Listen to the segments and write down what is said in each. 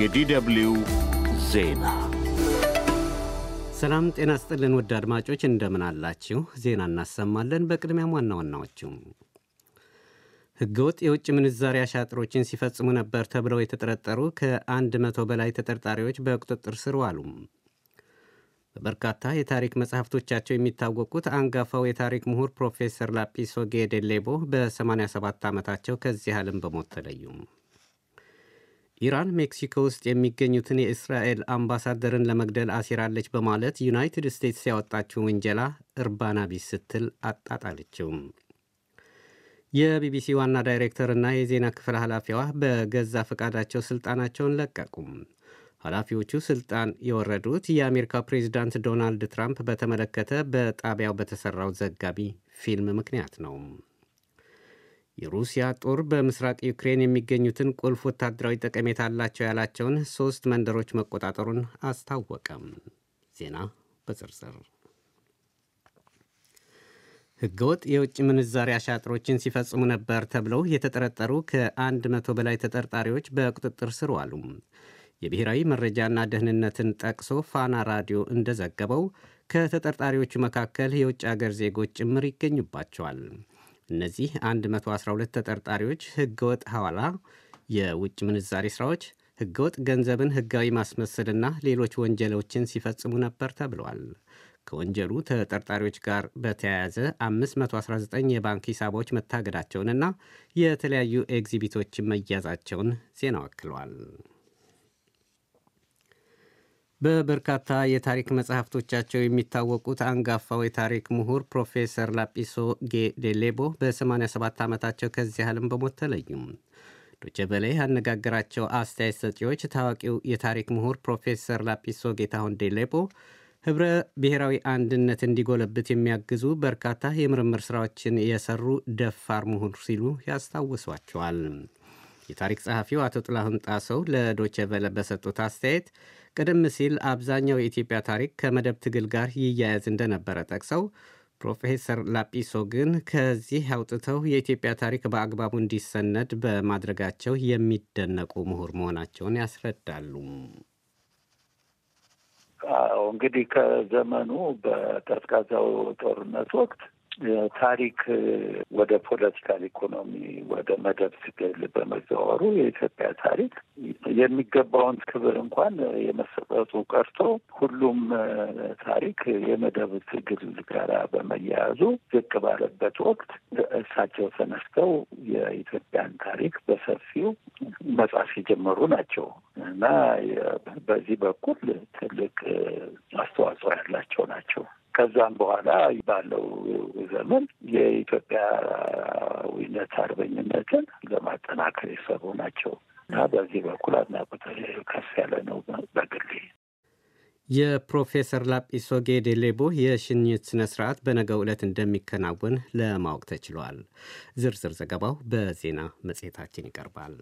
የዲደብልዩ ዜና ሰላም ጤና ስጥልን። ውድ አድማጮች እንደምን አላችሁ? ዜና እናሰማለን። በቅድሚያም ዋና ዋናዎቹም ህገወጥ የውጭ ምንዛሪ አሻጥሮችን ሲፈጽሙ ነበር ተብለው የተጠረጠሩ ከአንድ መቶ በላይ ተጠርጣሪዎች በቁጥጥር ስር ዋሉ። በበርካታ የታሪክ መጽሐፍቶቻቸው የሚታወቁት አንጋፋው የታሪክ ምሁር ፕሮፌሰር ላጲሶ ጌ በ87 ዓመታቸው ከዚህ ዓለም በሞት ተለዩም ኢራን ሜክሲኮ ውስጥ የሚገኙትን የእስራኤል አምባሳደርን ለመግደል አሲራለች በማለት ዩናይትድ ስቴትስ ያወጣችው ውንጀላ እርባና ቢስ ስትል አጣጣለችው። የቢቢሲ ዋና ዳይሬክተርና የዜና ክፍል ኃላፊዋ በገዛ ፈቃዳቸው ስልጣናቸውን ለቀቁም። ኃላፊዎቹ ስልጣን የወረዱት የአሜሪካ ፕሬዚዳንት ዶናልድ ትራምፕ በተመለከተ በጣቢያው በተሠራው ዘጋቢ ፊልም ምክንያት ነው። የሩሲያ ጦር በምስራቅ ዩክሬን የሚገኙትን ቁልፍ ወታደራዊ ጠቀሜታ አላቸው ያላቸውን ሦስት መንደሮች መቆጣጠሩን አስታወቀም። ዜና በዝርዝር ህገወጥ የውጭ ምንዛሪ አሻጥሮችን ሲፈጽሙ ነበር ተብለው የተጠረጠሩ ከአንድ መቶ በላይ ተጠርጣሪዎች በቁጥጥር ስር ዋሉ። የብሔራዊ መረጃና ደህንነትን ጠቅሶ ፋና ራዲዮ እንደዘገበው ከተጠርጣሪዎቹ መካከል የውጭ አገር ዜጎች ጭምር ይገኙባቸዋል። እነዚህ 112 ተጠርጣሪዎች ህገወጥ ሐዋላ፣ የውጭ ምንዛሬ ሥራዎች፣ ህገወጥ ገንዘብን ህጋዊ ማስመሰልና ሌሎች ወንጀሎችን ሲፈጽሙ ነበር ተብለዋል። ከወንጀሉ ተጠርጣሪዎች ጋር በተያያዘ 519 የባንክ ሂሳቦች መታገዳቸውንና የተለያዩ ኤግዚቢቶች መያዛቸውን ዜና ወክለዋል። በበርካታ የታሪክ መጽሕፍቶቻቸው የሚታወቁት አንጋፋው የታሪክ ምሁር ፕሮፌሰር ላጲሶ ጌ ዴሌቦ በ87 ዓመታቸው ከዚህ ዓለም በሞት ተለዩም። ዶቼ ቬለ ያነጋገራቸው አስተያየት ሰጪዎች ታዋቂው የታሪክ ምሁር ፕሮፌሰር ላጲሶ ጌታሁን ዴሌቦ ኅብረ ብሔራዊ አንድነት እንዲጎለብት የሚያግዙ በርካታ የምርምር ሥራዎችን የሰሩ ደፋር ምሁር ሲሉ ያስታውሷቸዋል። የታሪክ ጸሐፊው አቶ ጥላሁን ጣሰው ለዶቼ ቬለ በሰጡት አስተያየት ቀደም ሲል አብዛኛው የኢትዮጵያ ታሪክ ከመደብ ትግል ጋር ይያያዝ እንደነበረ ጠቅሰው ፕሮፌሰር ላጲሶ ግን ከዚህ አውጥተው የኢትዮጵያ ታሪክ በአግባቡ እንዲሰነድ በማድረጋቸው የሚደነቁ ምሁር መሆናቸውን ያስረዳሉ። እንግዲህ ከዘመኑ በቀዝቃዛው ጦርነት ወቅት ታሪክ ወደ ፖለቲካል ኢኮኖሚ ወደ መደብ ትግል በመዘዋወሩ የኢትዮጵያ ታሪክ የሚገባውን ክብር እንኳን የመሰጠቱ ቀርቶ ሁሉም ታሪክ የመደብ ትግል ጋራ በመያያዙ ዝቅ ባለበት ወቅት እሳቸው ተነስተው የኢትዮጵያን ታሪክ በሰፊው መጽሐፍ የጀመሩ ናቸው እና በዚህ በኩል ትልቅ አስተዋጽኦ ያላቸው ናቸው። ከዛም በኋላ ባለው ዘመን የኢትዮጵያዊነት አርበኝነትን ለማጠናከር የሰሩ ናቸው እና በዚህ በኩል አድናቆት ከፍ ያለ ነው በግሌ። የፕሮፌሰር ላጲሶ ጌዴሌቦ የሽኝት ስነ ስርዓት በነገው ዕለት እንደሚከናወን ለማወቅ ተችሏል። ዝርዝር ዘገባው በዜና መጽሔታችን ይቀርባል።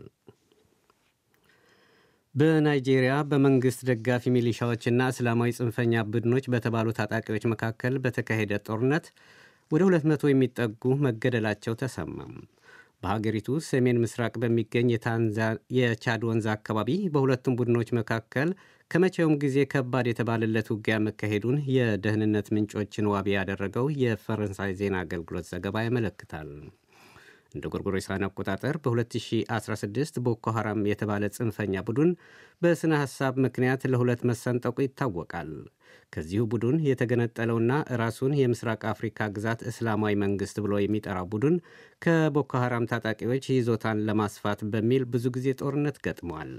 በናይጄሪያ በመንግስት ደጋፊ ሚሊሻዎችና እስላማዊ ጽንፈኛ ቡድኖች በተባሉ ታጣቂዎች መካከል በተካሄደ ጦርነት ወደ 200 የሚጠጉ መገደላቸው ተሰማም። በሀገሪቱ ሰሜን ምስራቅ በሚገኝ የቻድ ወንዝ አካባቢ በሁለቱም ቡድኖች መካከል ከመቼውም ጊዜ ከባድ የተባለለት ውጊያ መካሄዱን የደህንነት ምንጮችን ዋቢ ያደረገው የፈረንሳይ ዜና አገልግሎት ዘገባ ያመለክታል። እንደ ጎርጎሮሳውያን አቆጣጠር በ2016 ቦኮ ሐራም የተባለ ጽንፈኛ ቡድን በሥነ ሐሳብ ምክንያት ለሁለት መሰንጠቁ ይታወቃል። ከዚሁ ቡድን የተገነጠለውና ራሱን የምስራቅ አፍሪካ ግዛት እስላማዊ መንግሥት ብሎ የሚጠራው ቡድን ከቦኮ ሐራም ታጣቂዎች ይዞታን ለማስፋት በሚል ብዙ ጊዜ ጦርነት ገጥሟል።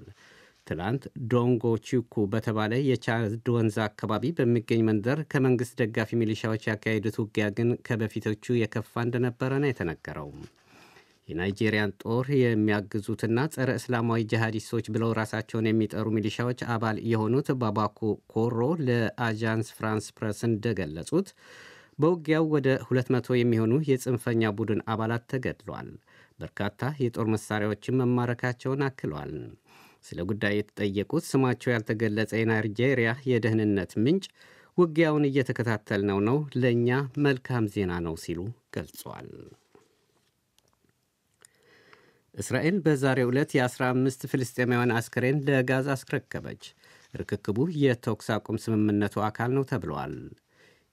ትላንት ዶንጎ ቺኩ በተባለ የቻድ ወንዝ አካባቢ በሚገኝ መንደር ከመንግሥት ደጋፊ ሚሊሻዎች ያካሄዱት ውጊያ ግን ከበፊቶቹ የከፋ እንደነበረ ነው የናይጄሪያን ጦር የሚያግዙትና ጸረ እስላማዊ ጂሃዲስቶች ብለው ራሳቸውን የሚጠሩ ሚሊሻዎች አባል የሆኑት ባባኮ ኮሮ ለአጃንስ ፍራንስ ፕረስ እንደገለጹት በውጊያው ወደ 200 የሚሆኑ የጽንፈኛ ቡድን አባላት ተገድሏል። በርካታ የጦር መሳሪያዎችን መማረካቸውን አክሏል። ስለ ጉዳይ የተጠየቁት ስማቸው ያልተገለጸ የናይጄሪያ የደህንነት ምንጭ ውጊያውን እየተከታተልነው ነው፣ ለእኛ መልካም ዜና ነው ሲሉ ገልጿል። እስራኤል በዛሬ ዕለት የ15 ፍልስጤማውያን አስክሬን ለጋዛ አስረከበች። ርክክቡ የተኩስ አቁም ስምምነቱ አካል ነው ተብለዋል።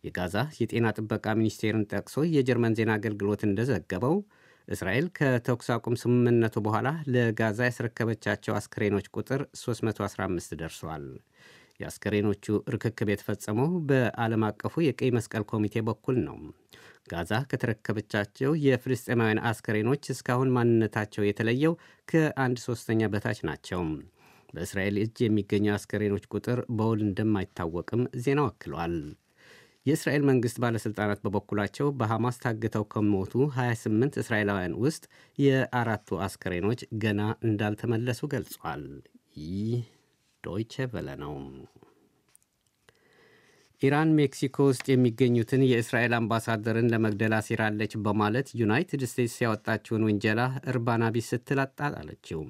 የጋዛ የጤና ጥበቃ ሚኒስቴርን ጠቅሶ የጀርመን ዜና አገልግሎት እንደዘገበው እስራኤል ከተኩስ አቁም ስምምነቱ በኋላ ለጋዛ ያስረከበቻቸው አስክሬኖች ቁጥር 315 ደርሷል። የአስከሬኖቹ ርክክብ የተፈጸመው በዓለም አቀፉ የቀይ መስቀል ኮሚቴ በኩል ነው። ጋዛ ከተረከበቻቸው የፍልስጤማውያን አስከሬኖች እስካሁን ማንነታቸው የተለየው ከአንድ ሶስተኛ በታች ናቸው። በእስራኤል እጅ የሚገኙ አስከሬኖች ቁጥር በውል እንደማይታወቅም ዜናው አክሏል። የእስራኤል መንግሥት ባለሥልጣናት በበኩላቸው በሐማስ ታግተው ከሞቱ 28 እስራኤላውያን ውስጥ የአራቱ አስከሬኖች ገና እንዳልተመለሱ ገልጿል። ይህ ዶይቸ ቨለ ነው። ኢራን ሜክሲኮ ውስጥ የሚገኙትን የእስራኤል አምባሳደርን ለመግደል አሲራለች በማለት ዩናይትድ ስቴትስ ያወጣችውን ውንጀላ እርባና ቢስ ስትል አጣጣለችው።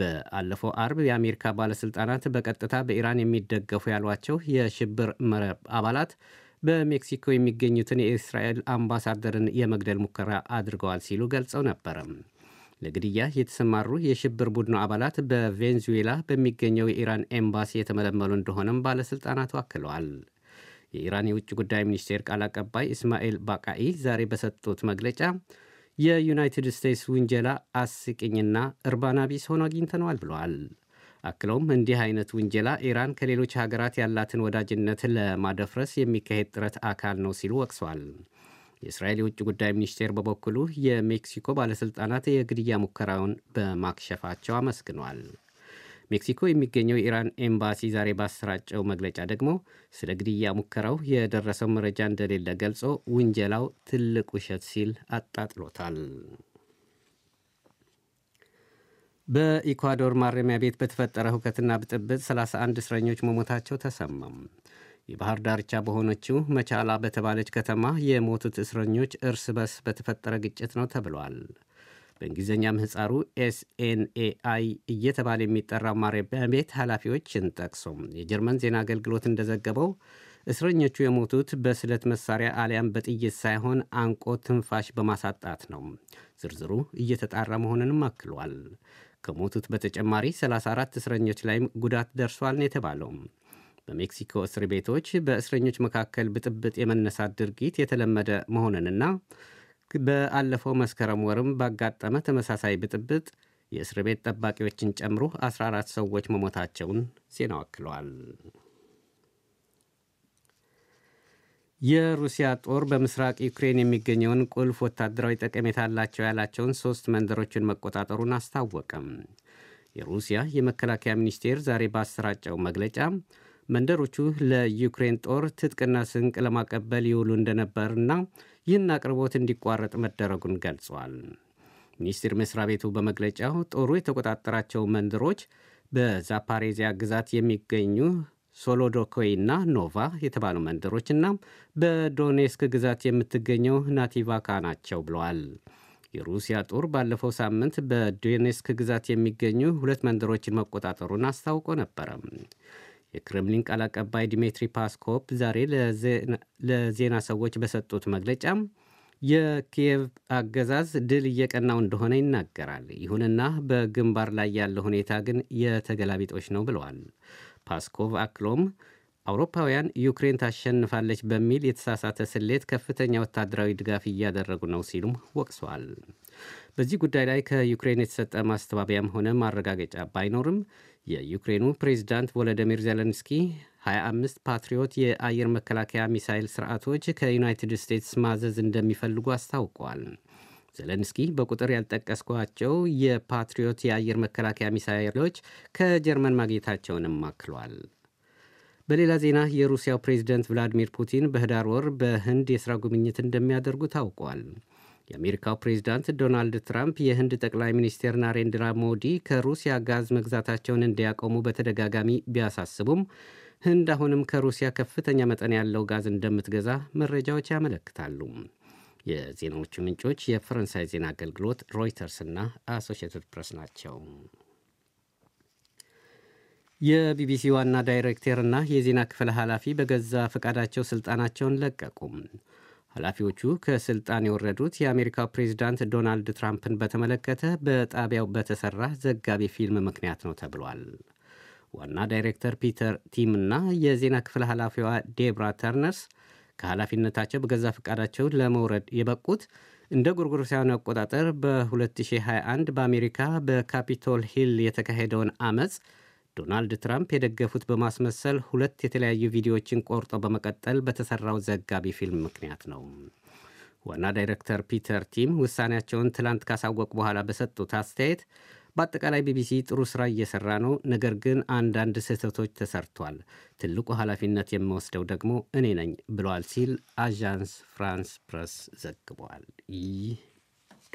በአለፈው አርብ የአሜሪካ ባለሥልጣናት በቀጥታ በኢራን የሚደገፉ ያሏቸው የሽብር መረብ አባላት በሜክሲኮ የሚገኙትን የእስራኤል አምባሳደርን የመግደል ሙከራ አድርገዋል ሲሉ ገልጸው ነበረም። ለግድያ የተሰማሩ የሽብር ቡድኑ አባላት በቬንዙዌላ በሚገኘው የኢራን ኤምባሲ የተመለመሉ እንደሆነም ባለሥልጣናቱ አክለዋል። የኢራን የውጭ ጉዳይ ሚኒስቴር ቃል አቀባይ እስማኤል ባቃኢ ዛሬ በሰጡት መግለጫ የዩናይትድ ስቴትስ ውንጀላ አስቂኝና እርባና ቢስ ሆኖ አግኝተነዋል ብለዋል። አክለውም እንዲህ አይነት ውንጀላ ኢራን ከሌሎች ሀገራት ያላትን ወዳጅነት ለማደፍረስ የሚካሄድ ጥረት አካል ነው ሲሉ ወቅሰዋል። የእስራኤል የውጭ ጉዳይ ሚኒስቴር በበኩሉ የሜክሲኮ ባለሥልጣናት የግድያ ሙከራውን በማክሸፋቸው አመስግኗል። ሜክሲኮ የሚገኘው የኢራን ኤምባሲ ዛሬ ባሰራጨው መግለጫ ደግሞ ስለ ግድያ ሙከራው የደረሰው መረጃ እንደሌለ ገልጾ ውንጀላው ትልቅ ውሸት ሲል አጣጥሎታል። በኢኳዶር ማረሚያ ቤት በተፈጠረ ሁከትና ብጥብጥ 31 እስረኞች መሞታቸው ተሰማም። የባህር ዳርቻ በሆነችው መቻላ በተባለች ከተማ የሞቱት እስረኞች እርስ በርስ በተፈጠረ ግጭት ነው ተብሏል። በእንግሊዝኛ ምህፃሩ ኤስኤንኤአይ እየተባለ የሚጠራው ማረሚያ ቤት ኃላፊዎችን ጠቅሶ የጀርመን ዜና አገልግሎት እንደዘገበው እስረኞቹ የሞቱት በስለት መሳሪያ አሊያም በጥይት ሳይሆን አንቆ ትንፋሽ በማሳጣት ነው። ዝርዝሩ እየተጣራ መሆኑንም አክሏል። ከሞቱት በተጨማሪ 34 እስረኞች ላይም ጉዳት ደርሷል ነው የተባለው። በሜክሲኮ እስር ቤቶች በእስረኞች መካከል ብጥብጥ የመነሳት ድርጊት የተለመደ መሆንንና በአለፈው መስከረም ወርም ባጋጠመ ተመሳሳይ ብጥብጥ የእስር ቤት ጠባቂዎችን ጨምሮ 14 ሰዎች መሞታቸውን ዜና ወክለዋል። የሩሲያ ጦር በምስራቅ ዩክሬን የሚገኘውን ቁልፍ ወታደራዊ ጠቀሜታ አላቸው ያላቸውን ሶስት መንደሮችን መቆጣጠሩን አስታወቀም። የሩሲያ የመከላከያ ሚኒስቴር ዛሬ ባሰራጨው መግለጫ መንደሮቹ ለዩክሬን ጦር ትጥቅና ስንቅ ለማቀበል ይውሉ እንደነበርና ይህን አቅርቦት እንዲቋረጥ መደረጉን ገልጿል። ሚኒስቴር መስሪያ ቤቱ በመግለጫው ጦሩ የተቆጣጠራቸው መንደሮች በዛፓሬዚያ ግዛት የሚገኙ ሶሎዶኮይና ኖቫ የተባሉ መንደሮችና በዶኔስክ ግዛት የምትገኘው ናቲቫካ ናቸው ብለዋል። የሩሲያ ጦር ባለፈው ሳምንት በዶኔስክ ግዛት የሚገኙ ሁለት መንደሮችን መቆጣጠሩን አስታውቆ ነበረም። የክሬምሊን ቃል አቀባይ ዲሜትሪ ፓስኮፕ ዛሬ ለዜና ሰዎች በሰጡት መግለጫ የኪየቭ አገዛዝ ድል እየቀናው እንደሆነ ይናገራል። ይሁንና በግንባር ላይ ያለው ሁኔታ ግን የተገላቢጦች ነው ብለዋል። ፓስኮቭ አክሎም አውሮፓውያን ዩክሬን ታሸንፋለች በሚል የተሳሳተ ስሌት ከፍተኛ ወታደራዊ ድጋፍ እያደረጉ ነው ሲሉም ወቅሰዋል። በዚህ ጉዳይ ላይ ከዩክሬን የተሰጠ ማስተባበያም ሆነ ማረጋገጫ ባይኖርም የዩክሬኑ ፕሬዚዳንት ቮሎዲሚር ዜለንስኪ 25 ፓትሪዮት የአየር መከላከያ ሚሳይል ስርዓቶች ከዩናይትድ ስቴትስ ማዘዝ እንደሚፈልጉ አስታውቀዋል። ዘለንስኪ በቁጥር ያልጠቀስኳቸው የፓትሪዮት የአየር መከላከያ ሚሳይሎች ከጀርመን ማግኘታቸውንም አክሏል። በሌላ ዜና የሩሲያው ፕሬዝደንት ቭላዲሚር ፑቲን በህዳር ወር በህንድ የሥራ ጉብኝት እንደሚያደርጉ ታውቋል። የአሜሪካው ፕሬዚዳንት ዶናልድ ትራምፕ የህንድ ጠቅላይ ሚኒስትር ናሬንድራ ሞዲ ከሩሲያ ጋዝ መግዛታቸውን እንዲያቆሙ በተደጋጋሚ ቢያሳስቡም ህንድ አሁንም ከሩሲያ ከፍተኛ መጠን ያለው ጋዝ እንደምትገዛ መረጃዎች ያመለክታሉ። የዜናዎቹ ምንጮች የፈረንሳይ ዜና አገልግሎት፣ ሮይተርስ እና አሶሽትድ ፕሬስ ናቸው። የቢቢሲ ዋና ዳይሬክተርና የዜና ክፍል ኃላፊ በገዛ ፈቃዳቸው ስልጣናቸውን ለቀቁም። ኃላፊዎቹ ከስልጣን የወረዱት የአሜሪካ ፕሬዚዳንት ዶናልድ ትራምፕን በተመለከተ በጣቢያው በተሰራ ዘጋቢ ፊልም ምክንያት ነው ተብሏል። ዋና ዳይሬክተር ፒተር ቲም እና የዜና ክፍል ኃላፊዋ ዴብራ ተርነርስ ከኃላፊነታቸው በገዛ ፈቃዳቸው ለመውረድ የበቁት እንደ ጎርጎሮሳውያን አቆጣጠር በ2021 በአሜሪካ በካፒቶል ሂል የተካሄደውን አመፅ ዶናልድ ትራምፕ የደገፉት በማስመሰል ሁለት የተለያዩ ቪዲዮዎችን ቆርጦ በመቀጠል በተሰራው ዘጋቢ ፊልም ምክንያት ነው። ዋና ዳይሬክተር ፒተር ቲም ውሳኔያቸውን ትላንት ካሳወቁ በኋላ በሰጡት አስተያየት በአጠቃላይ ቢቢሲ ጥሩ ስራ እየሰራ ነው፣ ነገር ግን አንዳንድ ስህተቶች ተሰርቷል። ትልቁ ኃላፊነት የምወስደው ደግሞ እኔ ነኝ ብለዋል ሲል አዣንስ ፍራንስ ፕረስ ዘግቧል። ይህ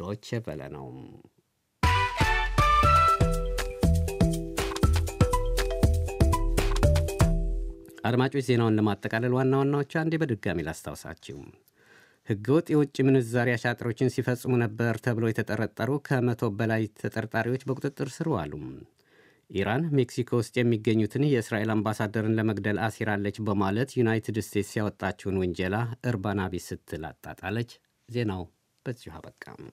ዶቼ ቬለ ነው። አድማጮች ዜናውን ለማጠቃለል ዋና ዋናዎቹ አንዴ በድጋሚ ላስታውሳችሁ። ህገወጥ የውጭ ምንዛሪ አሻጥሮችን ሲፈጽሙ ነበር ተብሎ የተጠረጠሩ ከመቶ በላይ ተጠርጣሪዎች በቁጥጥር ስር ዋሉ። ኢራን ሜክሲኮ ውስጥ የሚገኙትን የእስራኤል አምባሳደርን ለመግደል አሲራለች በማለት ዩናይትድ ስቴትስ ያወጣችውን ውንጀላ እርባና ቢስ ስትል አጣጣለች። ዜናው በዚሁ አበቃም